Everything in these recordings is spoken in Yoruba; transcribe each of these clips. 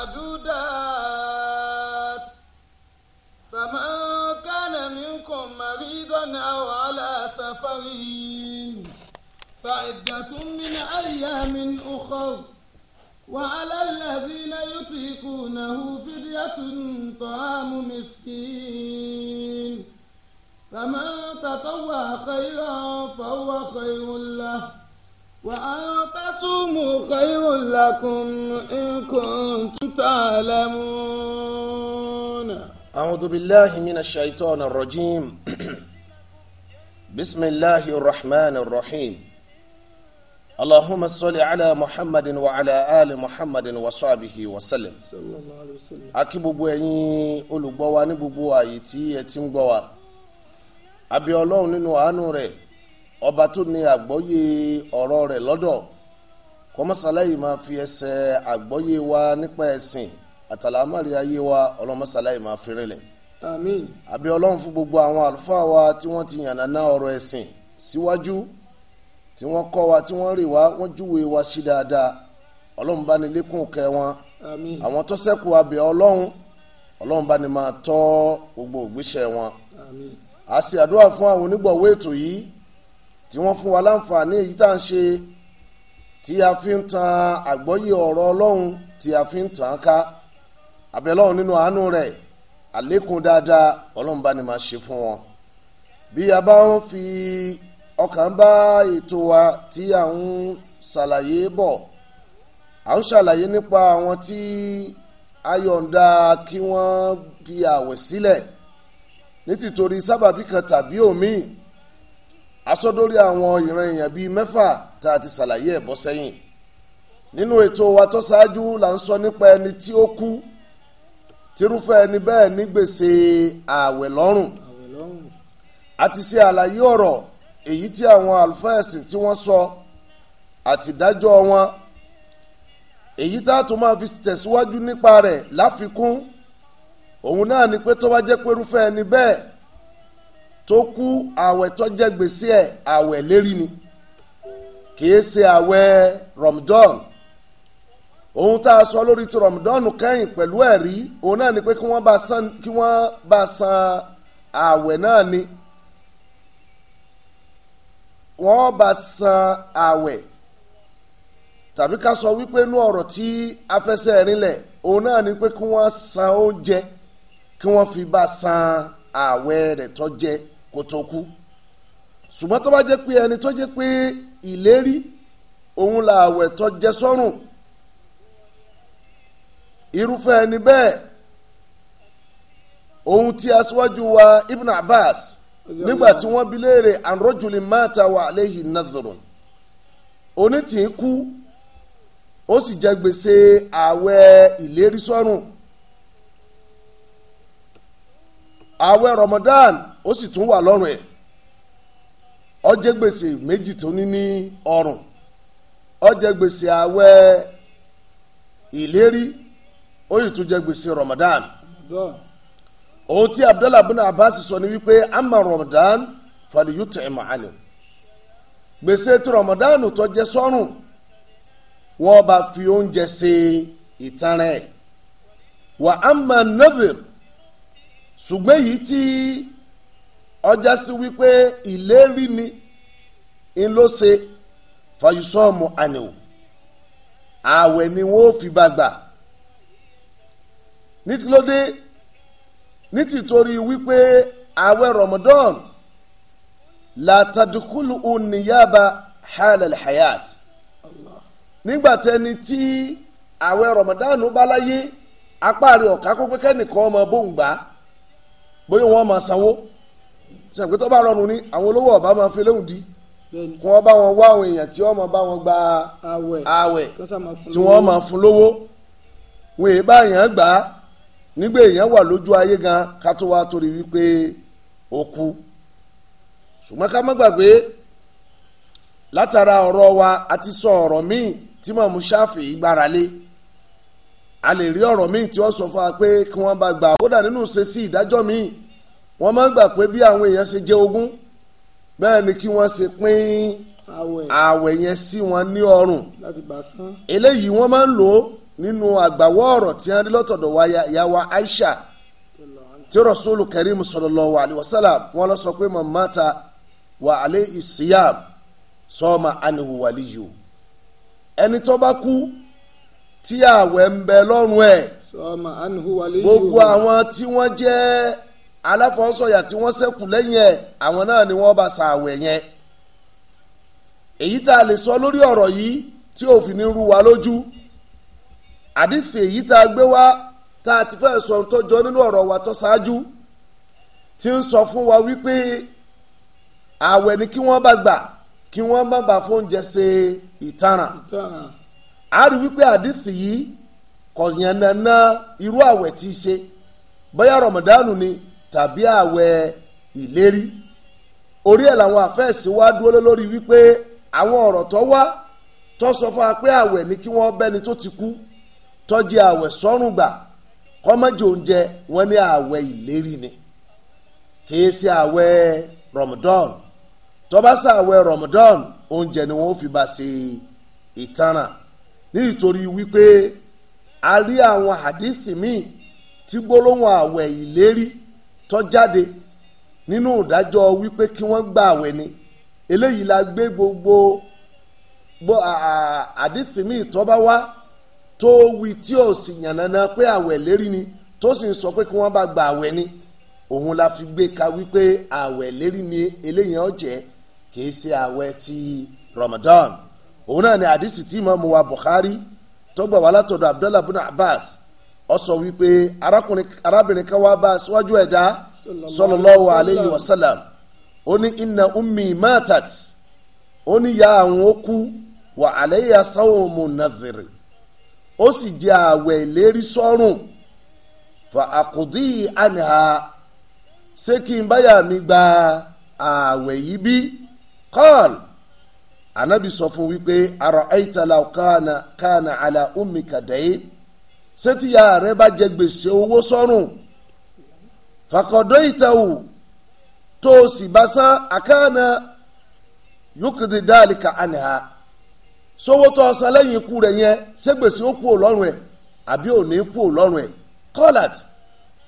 معدودات فمن كان منكم مريضا أو على سفر فعدة من أيام أخر وعلى الذين يطيقونه فدية طعام مسكين فمن تطوع خيرا فهو خير له واعتصموا خير لكم إن كنتم تعلمون أعوذ بالله من الشيطان الرجيم بسم الله الرحمن الرحيم اللهم صل على محمد وعلى آل محمد وصحبه وسلم akí gbogbo ẹ̀yin olùgbọ́ wa ní gbogbo àyè tí ẹ ti ń ọba tó ní àgbọ́yé ọ̀rọ̀ rẹ̀ lọ́dọ̀ kọ́mọ́sáláyì máa fi ẹsẹ̀ àgbọ́yé wa nípa ẹ̀sìn àtàlámàrí ayé wa ọlọ́mọ́sáláyì máa fi rinlẹ̀. àbí ọlọ́run fún gbogbo àwọn àlùfáà wa tí wọ́n ti yànnàná ọ̀rọ̀ ẹ̀sìn síwájú tí wọ́n kọ́ wa tí wọ́n rè wá wọ́n júwe wa sí dáadáa ọlọ́run bá ní lékún kẹ́ wọn. àwọn tó ṣẹ́kù ọlọ́run ọlọ́run bá ní máa tọ́ gbogbo ògbésẹ̀ wọn. àmín. àdúrà fún àwọn onígbọ̀wọ́ ètò yìí tí wọ́n fún wa láǹfààní èyí tá à ń ṣe tí a fi ń tan àgbọ́yé ọ̀rọ̀ ọlọ́run tí a fi ń tàn ká abẹ́lọ́run nínú àánú rẹ̀ àlékún dáadáa ọlọ́run bá ní máa ṣe fún wọn bí a bá ń fi ọkàn bá ètò wa tí à ń ṣàlàyé bọ̀ à ń ṣàlàyé nípa àwọn tí a yọ̀ǹda kí wọ́n fi àwẹ̀ sílẹ̀ nítìtorí sábàbí kan tàbí òmíì asọ́dórí àwọn ìran èèyàn bíi mẹ́fà tá a ti ṣàlàyé ẹ̀bọ́ sẹ́yìn nínú ètò wa tó ṣáájú là ń sọ nípa ẹni tí ó kú tírúfẹ́ ẹni bẹ́ẹ̀ ní gbèsè ààwẹ̀ lọ́rùn a ti ṣe àlàyé ọ̀rọ̀ èyí tí àwọn àlùfáà tí wọ́n sọ àtìdájọ́ wọn èyí tá a tún máa fi tẹ̀síwájú nípa rẹ̀ láfikún òun náà ni pé tó bá jẹ́ pé irúfẹ́ ẹni bẹ́ẹ̀ tó kú àwẹ̀ tó jẹ́ gbèsè ẹ̀ àwẹ̀ lérí ni kìí ṣe àwẹ̀ Ramadan ohun tá a sọ lórí ti Ramadan kẹ́yìn pẹ̀lú ẹ̀rí òun náà ni pé kí wọ́n bá san kí wọ́n bá san àwẹ̀ náà ni wọ́n bá san àwẹ̀ tàbí ká sọ wípé inú ọ̀rọ̀ tí afẹsẹ̀ rinlẹ̀ òun náà ni pé kí wọ́n san oúnjẹ kí wọ́n fi bá san àwẹ̀ rẹ̀ tó jẹ́ kó tó kú ṣùgbọ́n tó bá jẹ́ pé ẹni tó jẹ́ pé ìlérí òun là àwẹ̀ tó jẹ sọ́rùn irúfẹ́ ẹni bẹ́ẹ̀ ohun tí aṣíwájú wa Ibn Abbas nígbà tí wọ́n bi léèrè anrojuli mata wa aleyhi nazarun onítìí kú ó sì jẹ gbèsè àwẹ̀ ìlérí sọ́rùn àwẹ̀ Ramadan ó sì tún wà lọ́rùn ẹ̀ ó jẹ gbèsè méjì tó ní ní ọrùn ó gbèsè àwẹ̀ ìlérí ó yìí tún jẹ gbèsè Ramadan ohun tí Abdullahi bin Abbas sọ ni wípé ama Ramadan faliyutu imahani gbèsè tí Ramadan tó jẹ sọ́rùn wọ́n bá fi oúnjẹ ṣe ìtanràn ẹ̀ wà á máa nọ́vìr ṣùgbọ́n èyí ọjà sí wípé ìlérí ni ń ló ṣe fàyùsọ́ọ̀mù ànìwò ààwẹ̀ ni wọ́n fi bá gbà nítorí nítorí wípé ààwẹ̀ Ramadan látàdúkúlù oníyàbá halal hayat nígbàtẹni tí ààwẹ̀ Ramadan bá láyé apá rẹ̀ ọ̀ká kó pé kẹ́nìkan ọmọ bóun gbà bóyá wọ́n máa sanwó sẹ́yìn pé tó bá rọrùn ni àwọn olówó ọba máa fi léhùn di kí wọ́n bá wọn wá àwọn èèyàn tí wọ́n máa bá wọn gba àwẹ̀ tí wọ́n máa fún lówó wọn èèbá èèyàn gbà á nígbà èèyàn wà lójú ayé gan ká tó wá torí wípé ó kú ṣùgbọ́n ká má gbàgbé látara ọ̀rọ̀ wa àti sọ ọ̀rọ̀ míì tí màmú ṣáfì gbára a lè rí ọ̀rọ̀ míì tí wọ́n sọ fún wa pé kí wọ́n bá gbà kódà nínú ṣe sí ìdájọ́ míì wọ́n máa ń gbà pé bí àwọn èèyàn ṣe jẹ ogún bẹ́ẹ̀ ni kí wọ́n ṣe pín àwẹ̀ yẹn sí wọn ní ọrùn eléyìí wọ́n máa ń lò ó nínú àgbàwọ́ ọ̀rọ̀ tí wọ́n rí lọ́tọ̀dọ̀ wa ìyá wa Aisha tí Rasulu Karim sallallahu alaihi wasallam wọ́n lọ sọ pé mamata wa alayhi siyam sọ́ọ̀mà anihu waliyu ẹni tó bá kú tí àwẹ̀ ń bẹ lọ́rùn ẹ̀ gbogbo àwọn tí wọ́n jẹ́ aláfọwọ́sọ̀yà tí wọ́n ṣẹ́kù lẹ́yìn ẹ̀ àwọn náà ni wọ́n bá ṣàwẹ̀ yẹn èyí tá a lè sọ lórí ọ̀rọ̀ yìí tí òfin ní rú wa lójú àdìsí èyí tá a gbé wá tá a ti fẹ́ sọ tó jọ nínú ọ̀rọ̀ wa tó ṣáájú ti ń sọ fún wa wípé àwẹ̀ ni kí wọ́n bá gbà kí wọ́n má bàa fóúnjẹ ṣe ìtaràn a rí wípé àdìsí yìí kọ̀yànnànà irú àwẹ̀ tí í ṣe bóyá rọ̀mọ̀dánù ni tàbí àwẹ̀ ìlérí orí ẹ̀ làwọn àfẹ́ẹ̀sì wá dúró lórí wípé àwọn ọ̀rọ̀ tó wá tó sọ fún wa pé àwẹ̀ ni kí wọ́n bẹ́ni tó ti kú tó jẹ́ àwẹ̀ sọ́rùn gbà kọ́mọ́jì oúnjẹ wọn ní àwẹ̀ ìlérí ni kìí ṣe àwẹ̀ Ramadan tó bá ṣàwẹ̀ Ramadan oúnjẹ ni wọ́n fi bá ṣe ìtanràn ní ìtorí wípé a rí àwọn hadithi míì tí gbólóhùn àwẹ̀ ìlérí tó jáde nínú ìdájọ́ wípé kí wọ́n gba àwẹ̀ ni eléyìí la gbé gbogbo bó àdìsímì tó bá wá tó wí tí ò sì yànnàna pé àwẹ̀ lérí ni tó sì ń sọ pé kí wọ́n bá gba àwẹ̀ ni òun la fi gbé ka wípé àwẹ̀ lérí ni eléyìí ó jẹ́ kìí ṣe àwẹ̀ ti Ramadan òun náà ni àdìsí tí Imam wa Buhari, tó gbà wá látọ̀dọ̀ Abdullah bin Abbas ó sọ wípé arábìnrin kan wá bá síwájú ẹ̀dá sallallahu alayhi wa sallam ó ní inna ummi matat ó ní ya àwọn ó kú wà alayya sawmu nadhiri ó sì jẹ́ àwẹ̀ ìlérí sọ́rùn fa àkùdí àníhà ṣé kí n báyà mi gba àwẹ̀ yìí bí kọ́ọ̀lù anabi sọ fún wípé ara aitala kana kana ala ummi kadayin sétíya rẹ bá jẹ gbèsè owó sọ́rùn fàkọ̀dọ̀ ìtẹ̀wù tó o sì bá san àkáàna yókùdì dáàlì ka àníhà sówó tó o san lẹ́yìn ikú rẹ̀ yẹn ṣé gbèsè ó kú ò lọ́rùn ẹ̀ àbí ò ní kú ò lọ́rùn ẹ̀ kọ́làt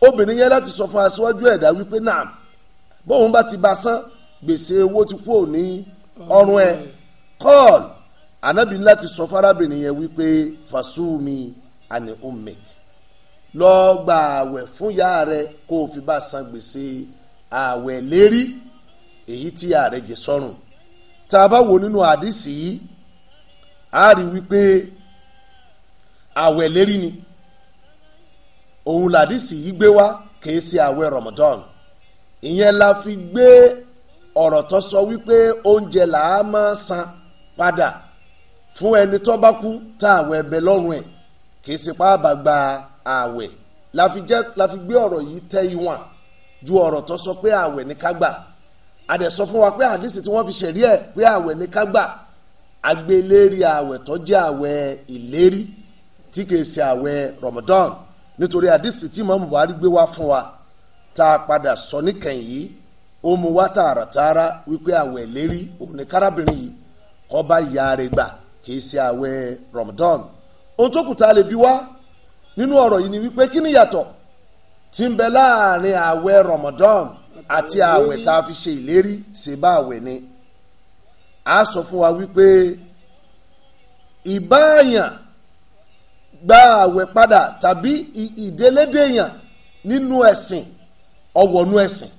obìnrin yẹn láti sọ fún aṣíwájú ẹ̀dá wípé náà bóun bá ti bá san gbèsè owó ti kú ò ní ọrùn ẹ̀ kọ́ọ̀lù ànábì láti sọ fún arábìnrin yẹn wípé fàṣúmi Ani umek lọ gba àwẹ̀ fún ya rẹ kó o fi bá san gbèsè àwẹ̀ lérí èyí tí ya rẹ jẹ sọ́rùn tá a bá wo nínú àdìsí yìí a rí wípé àwẹ̀ lérí ni òun làdìsí yìí gbé wá kìí ṣe àwẹ̀ Ramadan ìyẹn la fi gbé ọ̀rọ̀ tó sọ wípé oúnjẹ là á máa san padà fún ẹni tó bá kú tá àwẹ̀ ẹbẹ lọ́rùn ẹ̀ kì í ṣe pa àbàgbà ààwẹ̀ la fi gbé ọ̀rọ̀ yìí tẹ́ ìwọ̀n ju ọ̀rọ̀ tó sọ pé ààwẹ̀ ní ká gbà a dẹ̀ sọ fún wa pé àdìsí tí wọ́n fi ṣẹ̀rí ẹ̀ pé ààwẹ̀ ní ká agbélérí ààwẹ̀ tó jẹ́ ààwẹ̀ ìlérí tí kìí ṣe ààwẹ̀ Ramadan nítorí àdìsí tí mọ̀mú Buhari gbé wá fún wa tá a padà sọ níkẹyìn yìí ó mu wá tààràtààrà wípé ààwẹ̀ ìlérí òun ní kárábìnrin yìí kọ́ bá ìyá rẹ̀ gbà kìí ṣe ààwẹ̀ Ramadan ohun tó kù tá a lè bi wá nínú ọ̀rọ̀ yìí ni wípé kí ni yàtọ̀ tí ń bẹ láàrin ààwẹ̀ Ramadan àti ààwẹ̀ tá a fi ṣe ìlérí ṣe bá ààwẹ̀ ni a sọ fún wa wípé ìbáàyàn gba ààwẹ̀ padà tàbí ìdélédéyàn nínú ẹ̀sìn ọ̀wọ̀nú ẹ̀sìn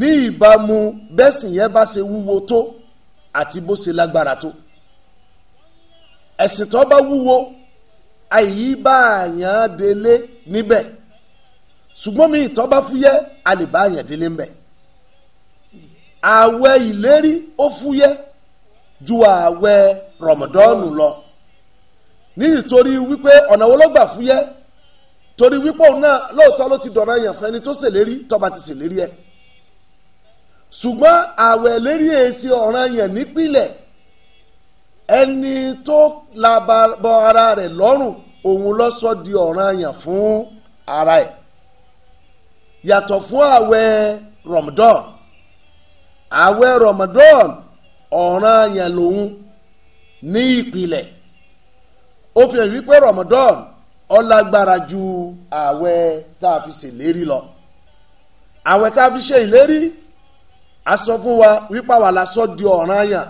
ní ìbámu bẹ́sìn yẹn bá ṣe wúwo tó àti bó ṣe lágbára tó. ẹ̀sìn tó bá wúwo àyíbáàyàn délé níbẹ̀ ṣùgbọ́n mi ìtọ́ bá fúyẹ́ àlèbáàyàn délé níbẹ̀ ààwẹ̀ ìlérí ó fúyẹ́ ju ààwẹ̀ rọ̀mọ̀dọ́ọ̀nù lọ ní ìtorí wípé ọ̀nà wo ló gbà fúyẹ́ torí wípé òun náà lóòótọ́ ló ti dọ̀rọ̀ èèyàn fẹ́ni tó ṣèlérí leri ti ṣèlérí ẹ̀ ṣùgbọ́n ààwẹ̀ lérí èsì ọ̀ràn yẹn nípìnlẹ̀ ẹni tó labọ ara rẹ̀ lọ́rùn òun ló sọ di ọ̀ranyàn fún ara ẹ̀ yàtọ̀ fún ààwẹ̀ Ramadan ààwẹ̀ Ramadan ọ̀ranyàn lòun ní ìpìlẹ̀ ó fi hàn wípé Ramadan ó lágbára ju ààwẹ̀ tá a fi ṣèlérí lọ ààwẹ̀ tá a fi ṣe ìlérí a sọ fún wa wípé àwa la sọ di ọ̀ranyàn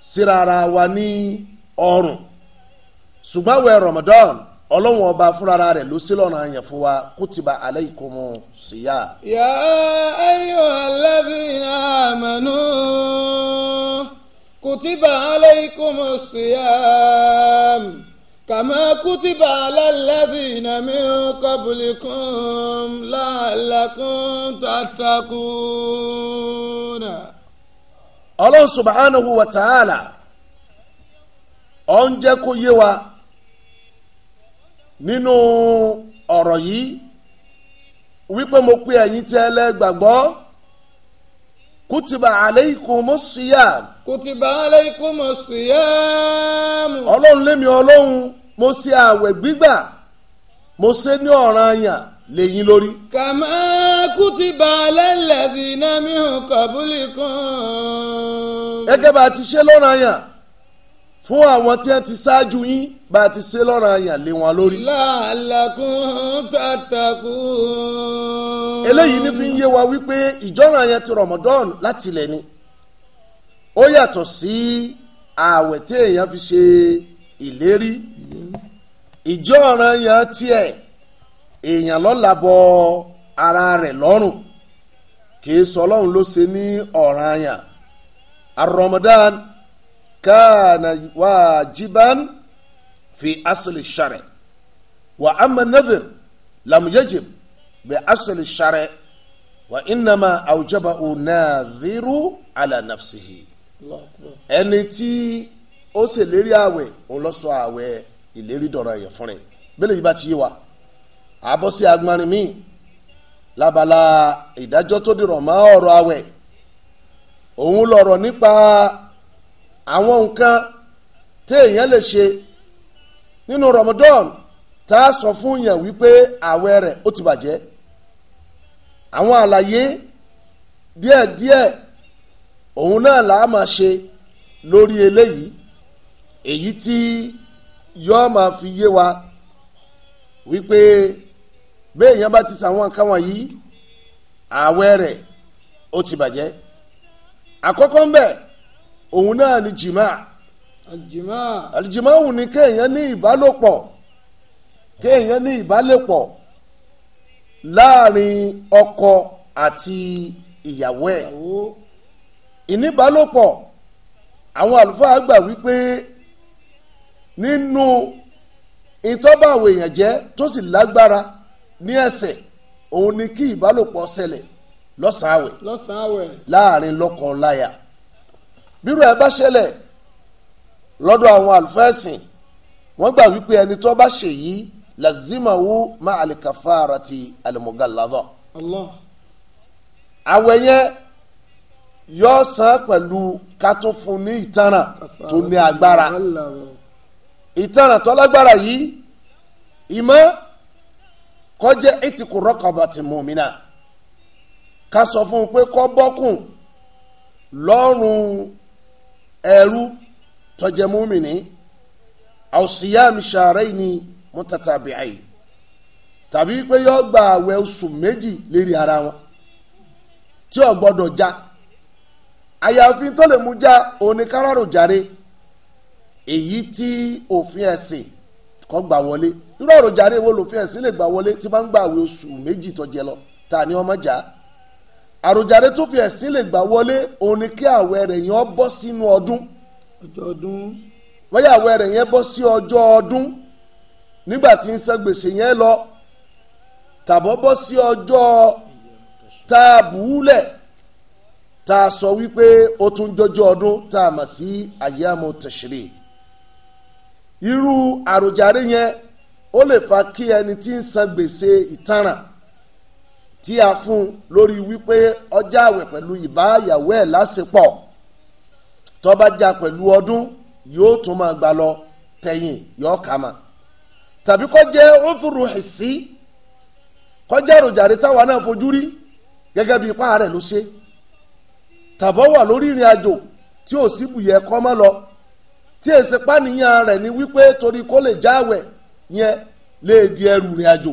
síra ara wa ní ọrùn ṣùgbọ́n àwẹ̀ Ramadan ọlọ́run ọba fúnra rẹ̀ ló sí lọ́nà àyàn fún wa kutiba alaykumu siyam. ya ayyuhal ladhina amanu kutiba alaykumu siyam kama kutiba alal ladhina min qablikum la'allakum tattaquna. ọlọ́run subhanahu wa ta'ala ọ ń jẹ́ kó yé wa nínú ọ̀rọ̀ yìí wípé mo pe ẹ̀yin tí ẹ lẹ́ gbàgbọ́ kutiba aleikum siyam. kutiba aleikum siyam. ọlọ́run lémi ọlọ́run mo ṣe àwẹ̀ gbígbà mo ṣe ní ọ̀ranyàn lẹ́yìn lórí. kàmá kùtìbà lẹ́lẹ́dì náà mi hàn kọ̀bùlì kan. gẹ́gẹ́ bá a ti ṣe lọ́ràn yàn fún àwọn tí wọ́n ti ṣáájú yín bá a ti ṣe lọ́ràn yàn lé wọn lórí. làálàkùn tàtàkùn. eléyìí ní fi ń yé wa wípé ìjọ́ràn yẹn ti Ramadan láti lẹ̀ ni ó yàtọ̀ sí ààwẹ̀ tí èèyàn fi ṣe ìlérí ìjọ́ràn yẹn tiẹ̀. èèyàn ló labọ ara rẹ̀ lọ́rùn kìí sọ ọlọ́run ló ṣe ní ọ̀ràn àyàn aramadan kana jiban fi asli shari wa amma nadhir lam yajib bi asli shari wa innama awjaba unadhiru ala nafsihi ẹni tí ó ṣèlérí àwẹ̀ ó lọ sọ àwẹ̀ ìlérí dọ̀rọ̀ yẹn fún bẹ́ẹ̀ lè yí bá ti yé wa. àbọ̀ sí agbọ́nrin míì lábala ìdájọ́ tó dìrọ̀ mọ́ ọ̀rọ̀ àwẹ̀ òun lọ̀rọ̀ nípa àwọn nǹkan tí lè ṣe nínú Ramadan tá a sọ fún yàn wípé àwẹ̀ rẹ̀ ó ti bàjẹ́ àwọn àlàyé díẹ̀díẹ̀ òun náà là á máa ṣe lórí eléyìí èyí tí yọ́ọ́ máa fi yé wa wípé béèyàn bá ti sàwọn nǹkan wọ̀nyí ààwẹ̀ rẹ̀ ó ti bàjẹ́ àkọ́kọ́ ńbẹ òun náà ni jìmá aljìmá aljìmá wù ní kéèyàn ní ìbálòpọ̀ kéèyàn ní ìbálòpọ̀ láàrin ọkọ àti ìyàwó ẹ̀ ìníbálòpọ̀ àwọn àlùfáà gbà wípé nínú ìtọ́bàwò èèyàn jẹ́ tó sì lágbára ní ẹ̀ṣẹ̀ òun ni kí ìbálòpọ̀ ṣẹlẹ̀ lọ́sàáwẹ̀ lọ́sàáwẹ̀ láàrin lọ́kọ láya bírò ẹ bá ṣẹlẹ̀ lọ́dọ̀ àwọn àlùfẹ́ẹ̀sìn wọ́n gbà wípé ẹni tó bá ṣe yìí lazimawu ma alikafaara ti alimogaladọ. Allah àwẹ̀ yẹn yóò san pẹ̀lú ká tún fún ní ìtanràn tó ní agbára ìtanràn tó yìí ìmọ̀ kọjá ìtìkù rọ́kàbàtì mùmínà ká sọ fún un pé kọ́ bọ́kùn lọ́rùn ẹ̀rú tọ́jẹ́ mùmínì àwòsíyàmì ṣàárẹ̀ ni mọ́tàtàbíàì tàbí pé yọ gba àwẹ̀ oṣù méjì lérí ara wọn tí ò gbọ́dọ̀ já àyàfi tó lè mú já oníkárọ̀rọ̀ járe èyí tí òfin ẹ̀sìn kọ́ gbà wọlé irú ọ̀rọ̀ jàre wo lòfin ẹ̀sìn lè gbà wọlé tí máa ń gbà oṣù méjì lọ ta ni ọmọ jà àròjàre tó fi ẹ̀sìn lè gbà wọlé òun ni kí àwẹ̀ rẹ̀ yẹn bọ́ sínú ọdún àwẹ̀ rẹ̀ yẹn bọ́ sí ọjọ́ ọdún nígbà tí ń gbèsè yẹn lọ tàbọ̀ bọ́ sí ọjọ́ tá a sọ wípé ó tún jọjọ́ ọdún tá a mọ̀ sí tẹ̀sírì irú àròjàre yẹn ó lè fa kí ẹni tí ń san gbèsè ìtanràn tí a fún lórí wípé ọjà àwẹ̀ pẹ̀lú ìbáyàwó ẹ̀ lásìpọ̀ pẹ̀lú ọdún yóò tún máa gbà lọ tẹ̀yìn yóò kama tàbí kó jẹ́ òfurufú hìsí kó táwa náà fojú rí gẹ́gẹ́ bí ipá rẹ̀ ló ṣe tàbọ̀ wà lọ tí èsì pàníyàn ni wípé torí kó lè yẹn lè di ẹrù rìn àjò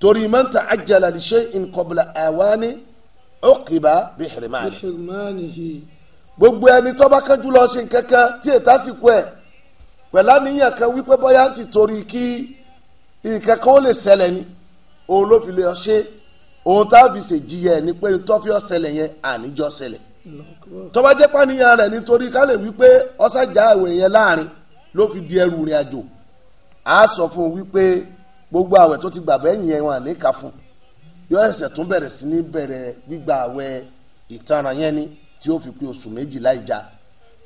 torí man ta'ajjala li shay'in qabla awani uqiba bihirmanihi gbogbo ẹni tó bá kánjú lọ ṣe nǹkankan tí ètò àsìkò ẹ̀ pẹ̀lú àníyàn kan wípé bóyá ń ti torí kí nǹkan kan ó lè ṣẹlẹ̀ ni òun ló fi lè ṣe òun tá a fi ṣèjìyà ẹ̀ ni pé tó fi ó ṣẹlẹ̀ yẹn àníjọ́ ṣẹlẹ̀ tó bá jẹ́ pàníyàn rẹ̀ nítorí ká lè wípé ọ̀sàjà ìwé yẹn láàrin ló fi di ẹrù rìn àjò a sọ fún un wípé gbogbo àwẹ̀ tó ti gbà bẹ́yìn yẹn wọn à ní kà fún yọ ẹsẹ̀ tún bẹ̀rẹ̀ sí ní bẹ̀rẹ̀ gbígba àwẹ̀ ìtanràn yẹn ni tí ó fi pé oṣù méjì láì já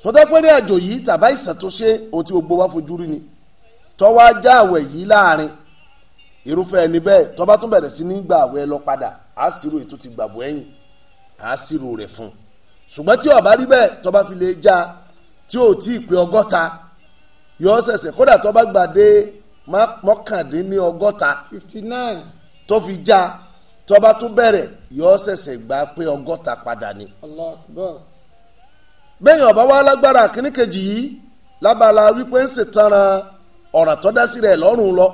sọtẹ́ pé ní àjò yìí tàbá ìsàn tó ṣe ohun tí gbogbo wa fojú rí ni tọ́wọ́ ajá àwẹ̀ yìí láàrin irúfẹ́ ẹni bẹ́ẹ̀ tọ́ba tún bẹ̀rẹ̀ sí ní gba àwẹ̀ lọ padà á ṣírò ètò ti gbàgbọ́ ẹ̀yìn á ṣírò rẹ̀ fún un ṣùgbọ́n tí ó rí bẹ́ẹ̀ tọ́ba fi lè já tí ò tí ì pé ọgọ́ta yọ ṣẹ̀ṣẹ̀ kódà tó bá gbàdé mọ́kàndínní ọgọ́ta fifty nine tó fi já tó bá tún bẹ̀rẹ̀ yọ ṣẹ̀ṣẹ̀ gbà pé ọgọ́ta padà ni. Allah Akbar. bẹ́ẹ̀ ọba wa lágbára kínní kejì yìí lábala wípé ń ṣètanran ọ̀ràn tó dá sí rẹ̀ lọ́rùn lọ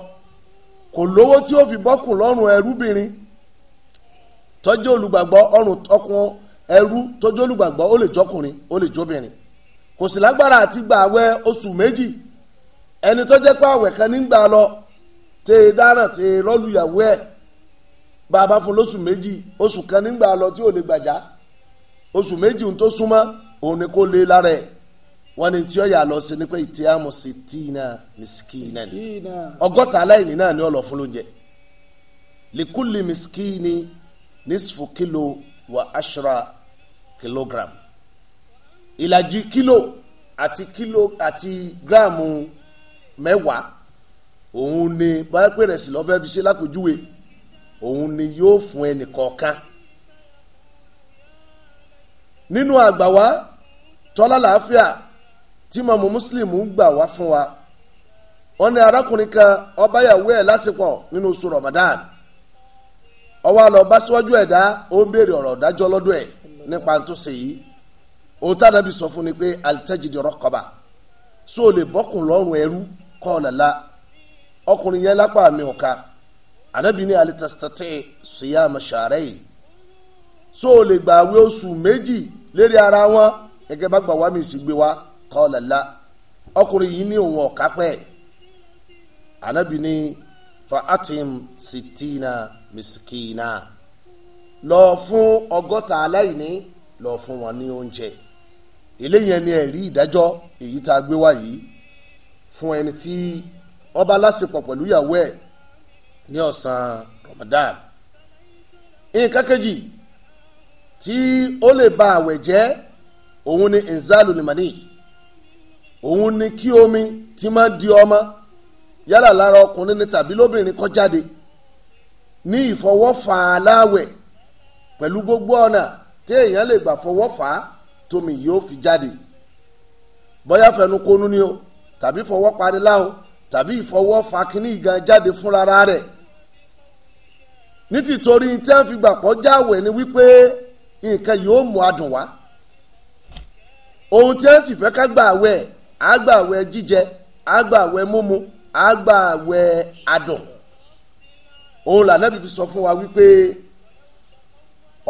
kò lówó tí ó fi bọ́kùn lọ́rùn ẹrúbìnrin tọ́jú olùgbàgbọ́ ọrùn ọkùn ẹrú tọ́jú olùgbàgbọ́ ó lè jọkùnrin ó lè jóbìnrin kò sì lágbára àti gbààwẹ̀ oṣù méjì ẹni tó jẹ́ pé àwẹ̀ kan nígbà lọ tẹ ẹ dáná tẹ ẹ lọ́lùyàwó ẹ̀ bàbá fún lóṣù méjì oṣù kan nígbà lọ tí ò lè gbàjá oṣù méjì ń tó súnmọ́ òun ni kò lè lára ẹ̀ wọ́n ní tí ó yà lọ sí ni pé ìtì àmọ̀ sí tìǹà mìsíkìnà ni ọgọ́ta aláìní náà ni ó lọ fún lóúnjẹ likuli mìsíkìnì nísìfù kìlò wà àṣírà kìlógíráàmù ìlàjì kìlò àti kìlò àti gíráàmù mẹ́wàá òun ni báyọ̀ pé rẹ̀ sì lọ́fẹ́ fi ṣe lápèjúwe òun ni yóò fún ẹnì kọ̀ọ̀kan nínú àgbà wa tọ́lá làáfíà tí mọ̀mọ́ Muslim ń gbà wá fún wa wọ́n ní arákùnrin kan ọba yàwó ẹ̀ lásìkò nínú oṣù Ramadan ó wá lọ bá síwájú ẹ̀dá ó ń béèrè ọ̀rọ̀ dájọ́ lọ́dọ̀ ẹ̀ nípa tó ṣe yìí òun tàdàbí sọ fún ni pé alitẹ́jì dọ̀rọ̀ kọba sóò lè bọ́kùn lọ́rùn ẹrú qala la ọkùnrin yẹn lápá mi ọ̀ka ànábì ní alitastati siyama sharayi so o lè gbà àwẹ̀ oṣù méjì lérí ara wọn gẹ́gẹ́ bá gbà wá mi sì gbé wá qala la ọkùnrin yìí ní òun ọ̀ka pẹ́ ànábì fa atim sitina miskina lọ fún ọgọ́ta aláìní lọ fún wọn ní oúnjẹ eléyẹn ni ẹ̀rí ìdájọ́ èyí tá a gbé wá yìí fún ẹni tí ọba lásìpọ̀ pẹ̀lú ìyàwó ẹ̀ ní ọ̀sán Ramadan nǹkan kejì tí ó lè ba àwẹ̀ jẹ́ òun ni inzalu limani òun ni kí omi ti máa di ọmọ yálà lára ọkùnrin ni tàbí lóbìnrin kó jáde ní ìfọwọ́fà aláwẹ̀ pẹ̀lú gbogbo ọ̀nà tí èèyàn lè gbà fọwọ́fà tómi yóò fi jáde bóyá fẹnukonu ni o tàbí fọwọ́ pariláwo tàbí ìfọwọ́ fa kínní ìgan jáde fúnra rẹ̀ ní tìtorí tí a fi gbàpọ̀ jáwèé ni wípé nǹkan yóò mú adùn wá ohun tí a sì fẹ́ ká gbà wẹ̀ á gbà wẹ̀ jíjẹ á gbà wẹ̀ múmu á gbà wẹ̀ adùn òun lànà bí fi sọ fún wa wípé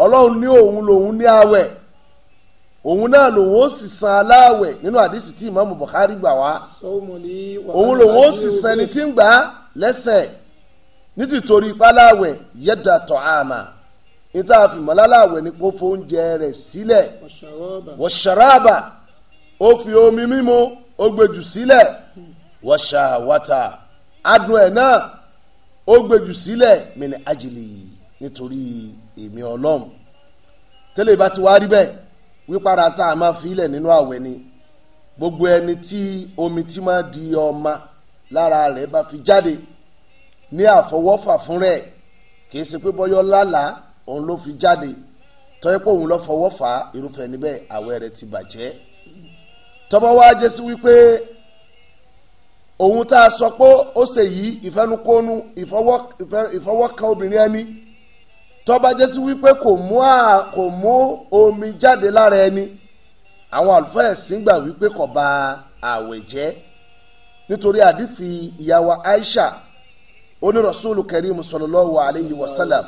ọlọ́run ní òun lòun ní àwẹ̀ òun náà lòun ó sì san aláàwẹ̀ nínú àdìsí tí ìmáàmù Bukhari gbà wá òun lòun ó sì san ẹni tí ń gbà á lẹ́sẹ̀ nítìtorí páláwẹ̀ yẹ́dà tọ́ àmà níta fi mọ́láláwẹ̀ ni kó fóúnjẹ rẹ̀ sílẹ̀ wọ̀ṣàràbà ó fi omi mímu ó gbèjù sílẹ̀ wọ̀ṣàwàtà adùn ẹ̀ náà ó gbèjù sílẹ̀ mìíràn ajílì nítorí èmi ọlọ́run tẹ́lẹ̀ bá ti wá rí bẹ́ẹ̀ wípara tá a máa fi ilẹ̀ nínú àwẹ̀ ni gbogbo ẹni tí omi tí máa di ọma lára rẹ̀ bá fi jáde ní àfọwọ́fà fún rẹ̀ kì í ṣe pé bọ́yọ́ lálàá òun ló fi jáde tọ́yẹ́ pé òun lọ́ fọwọ́ fà á irúfẹ́ níbẹ̀ àwẹ̀ rẹ̀ ti bàjẹ́ tọ́bọ̀ wá jẹ́ wípé òun tá a sọ pé ó ṣe yìí ìfẹnukónú ìfọwọ́kan obìnrin ẹni tọ́ba jésù wípé kò mú kò mú omi jáde lára ẹni àwọn àlùfáà ẹ̀sìn gbà wípé kò bà ààwẹ̀ jẹ́ nítorí àdìsí ìyàwó Aisha onírọ̀sọ́lù kẹrìmù sallallahu alayhi wa sallam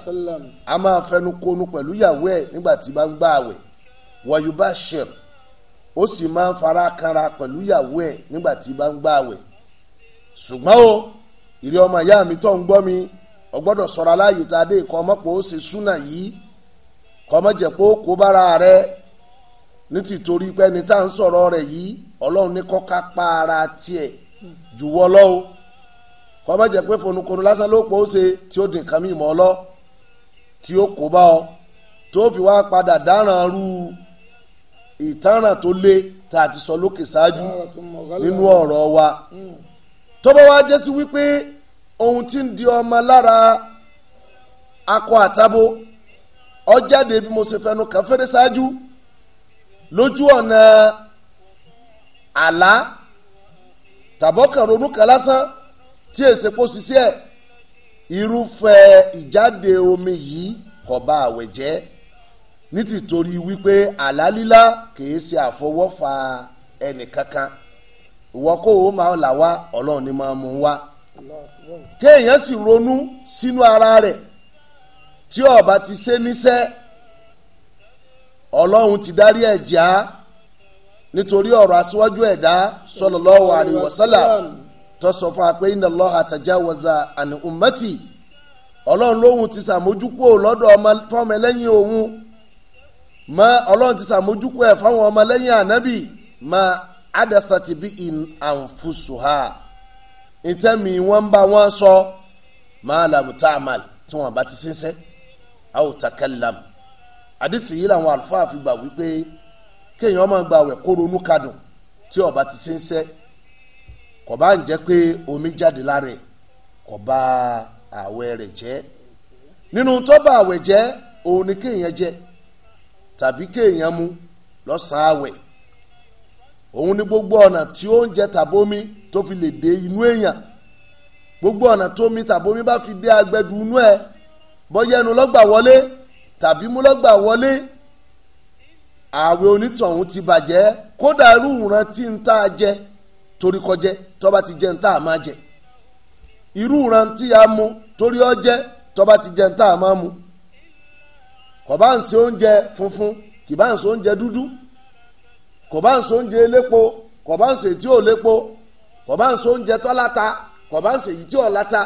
a máa fẹnu konu pẹ̀lú ìyàwó ẹ̀ nígbà tí bá ń gbà ààwẹ̀ wayubashir ó sì máa ń fara kanra pẹ̀lú ìyàwó ẹ̀ nígbà tí bá ń gbà ààwẹ̀ ṣùgbọ́n o ìrẹ́ ọmọ ìyá mi tó ń gbọ́ mi ọgbọdọ gbọ́dọ̀ sọ̀rọ̀ aláàyè tá a dé kọ́ ọmọ pé ó ṣe súnà yìí kọ́ ọmọ jẹ́ pé ó kó bára rẹ ní tìtorí pé ẹni tá à ń sọ̀rọ̀ rẹ yìí ọlọ́run ní kọ́ka pa ara tiẹ̀ jù ọmọ pé fonukonu lásán ló ó ṣe a ti sọ lókè ṣáájú nínú wa hmm. tó bá ohun tí ń di ọmọ lára akọ àtabo ọjáde bí mo ṣe fẹnu kàn fẹ́rẹ́ ṣáájú lójú ọ̀nà àlá tàbọ̀kàn ronú kan lásán tí èsè kó ṣiṣẹ́ ẹ̀ irúfẹ́ ìjáde omi yìí kò bá àwẹ̀ jẹ́ ní tìtorí wípé àlá lílá kìí ṣe àfọwọ́fà ẹnì kankan ìwọ o máa là wá ọlọ́run ni máa mú wá. kéèyàn sì ronú sínú ara rẹ̀ tí ọba ti ṣe níṣẹ́ ọlọ́run ti dárí ẹ̀ já nítorí ọ̀rọ̀ aṣíwájú ẹ̀dá sallallahu alaihi wasallam tó sọ fún wa pé inna Allaha tajawaza an ummati ọlọ́run lóhun ti sàmójúkú lọ́dọ̀ fọmọ ẹlẹ́yìn òun mọ ọlọ́run ti sàmójúkú ẹ̀ fáwọn ọmọ ẹlẹ́yìn ànábì mọ adasatibi in ha ìtẹ́mi wọ́n bá wọ́n sọ máa làmù tá a máa tí wọ́n bá ti ṣiṣẹ́ a ò takẹ́ làmù àdìsí yìí làwọn àlùfáà fi gbà wípé kéèyàn máa gba àwẹ̀ kó ronú kadùn tí ti ṣiṣẹ́ kò bá ń pé omi jáde lára ẹ̀ kò bá àwẹ̀ rẹ̀ jẹ́ nínú tó bá àwẹ̀ jẹ́ òun ni kéèyàn jẹ tàbí kéèyàn mu lọ́sàn-án àwẹ̀ ni gbogbo ọ̀nà tí omi. tó fi lè dé inú èèyàn gbogbo ọ̀nà tó mi tàbómi bá fi dé agbẹ́dù inú ẹ̀ bọ́yá ẹnu lọ́gbà wọlé tàbí mú lọ́gbà wọlé ààwẹ̀ onítọ̀hún ti bàjẹ́ kódà irú ìran tí ń tá a jẹ torí kọjẹ tọ́ba ti jẹ ń tá a máa jẹ irú ìran tí a mu torí ọjẹ tọ́ba ti jẹ ń tá a máa kò bá ń ṣe oúnjẹ funfun kì bá ń ṣe oúnjẹ dúdú kò bá ń ṣe oúnjẹ elépo kò bá ń ṣe tí ò lépo kò bá ń so oúnjẹ tó láta kò bá ń ṣèyí tí ò láta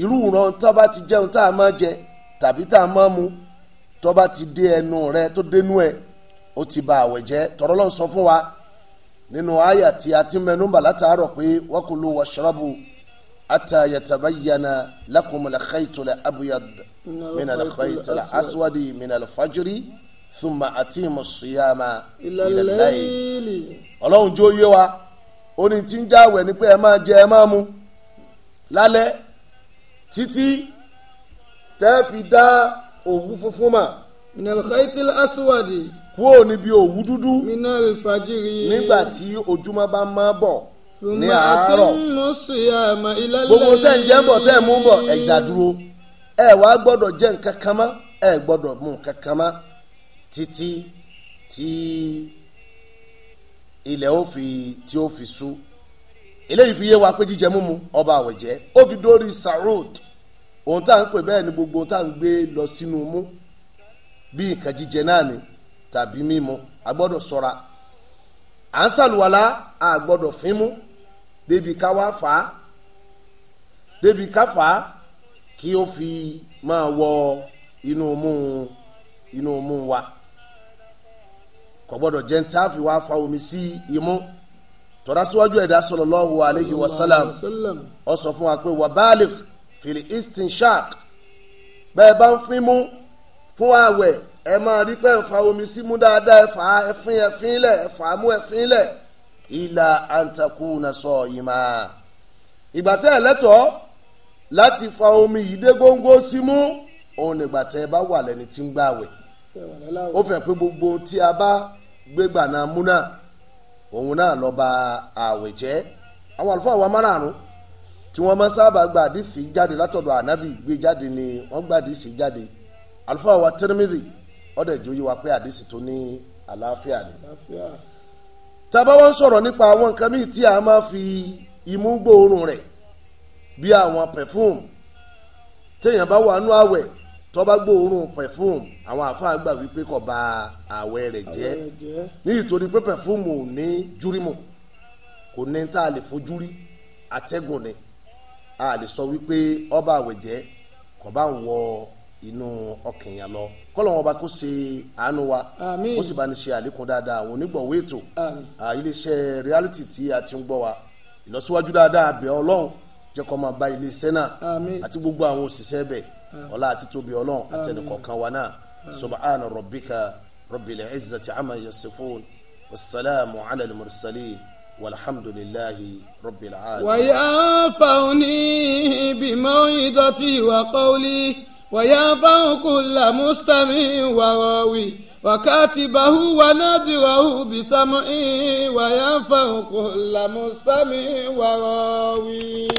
irú ìran tó bá ti jẹun tá a máa jẹ tàbí tá a máa mu tó bá ti dé ẹnu rẹ tó dénú ẹ ó ti ba àwẹ̀ jẹ́ tọ́rọ́ ló sọ fún wa nínú àyà tí a ti mẹ́nu bà látàárọ̀ pé wakulu washrabu ata yatabayyana lakum al-khaytul abyad min al-khaytil aswadi min al-fajri thumma atimu siyama ila al-layl jó yé wa. ó ní tí ń jáwẹ̀ ni pé ẹ máa jẹ ẹ máa mu lálẹ́ fi dá òwú funfun mà. minal khaytil aswadi. kúrò níbi òwú dúdú. minal fajiri. nígbà tí ojúmọ́ bá máa bọ̀ ní àárọ̀ gbogbo tẹ́ ń jẹ́ bọ̀ tẹ́ te mú bọ̀ ẹ dádúró ẹ wá gbọ́dọ̀ jẹ nǹkan kan mọ́ ẹ gbọ́dọ̀ mú ilẹ̀ ó fi tí ó fi sú eléyìí fi yé wa pé jíjẹ múmu ọba àwẹ̀ jẹ́ ó fi dórí sarod ohun tá à ń pè bẹ́ẹ̀ ni gbogbo ohun tá à ń gbé lọ sínú mú bí nǹkan jíjẹ náà ni tàbí mímu a gbọ́dọ̀ ṣọ́ra à ń sàlùwàlá a gbọ́dọ̀ fín mú débi ká wá fà á débi ká fà á kí ó fi máa wọ inú mú inú mú wa. kò gbọ́dọ̀ jẹ́ ń táàfì wá fa omi sí imú tọ́ra síwájú ẹ̀dá sallallahu wa sallam ó sọ fún wa pé wà baligh fil istinshaq bẹ́ẹ̀ bá ń fín mú fún àwẹ̀ ẹ máa rí pé ń fa omi sí mú dáadáa ẹ fà á ẹfín ẹfín lẹ̀ ẹ fà á mú ẹfín lẹ̀ ila an takuna sa'ima ìgbà tẹ́ ẹ lẹ́tọ̀ọ́ láti fa omi yìí dé góńgó sí mú òun nígbà tẹ́ ẹ bá wà lẹ́ni tí ń gbààwẹ̀ ó fẹ́ pé gbogbo tí a bá gbégbà náà múnà òun náà lọ ba ààwẹ̀ jẹ́ àwọn àlùfáà wa márààrún tí wọ́n máa sábà gba àdìsí jáde látọ̀dọ̀ ànábì gbé jáde ni wọ́n gba àdìsí jáde àlùfáà wa Tirmidhi ọ̀dẹ̀ ìjòyè wa pé àdìsí tó ní àlàáfíà ni. tábà wọ́n sọ̀rọ̀ nípa àwọn nǹkan míì tí a máa fi imú gbóòórùn rẹ̀ bí àwọn perfume téèyàn bá wà nú àwẹ̀ tó bá gbóòórùn perfume àwọn àáfàá gbà wípé kò bà ààwẹ̀ rẹ̀ jẹ́ ní ìtorí pé perfume ò ní júrímù kò ní tá a lè fojú rí atẹ́gùn ni a lè sọ wípé ọba àwẹ̀ jẹ́ kò bá ń wọ inú ọkàn yẹn lọ kọ́lọ̀ wọn bá kó ṣe àánú wa ó sì bá ní ṣe àlékún dáadáa àwọn onígbọ̀wé ètò iléeṣẹ́ reality tí a ti ń gbọ́ wa ìlọsíwájú dáadáa bẹ̀ Ọlọ́run jẹ́ kó máa bá iléeṣẹ́ náà àti gbogbo àwọn òṣìṣẹ́ bẹ̀ Ah. ọlá àti tóbi ọlọ́run àtẹnukọ̀kan wa náà subhana rabbika rabbil izzati amma yasifun wasalaamu ala al-mursalin walhamdulillahi rabbil alamin. wayanfa'uni bimawidati wa qawli wayanfa'u kulla mustami wa rawi. وكاتبه ونذره بسمعه وينفع كل مستمع وراوي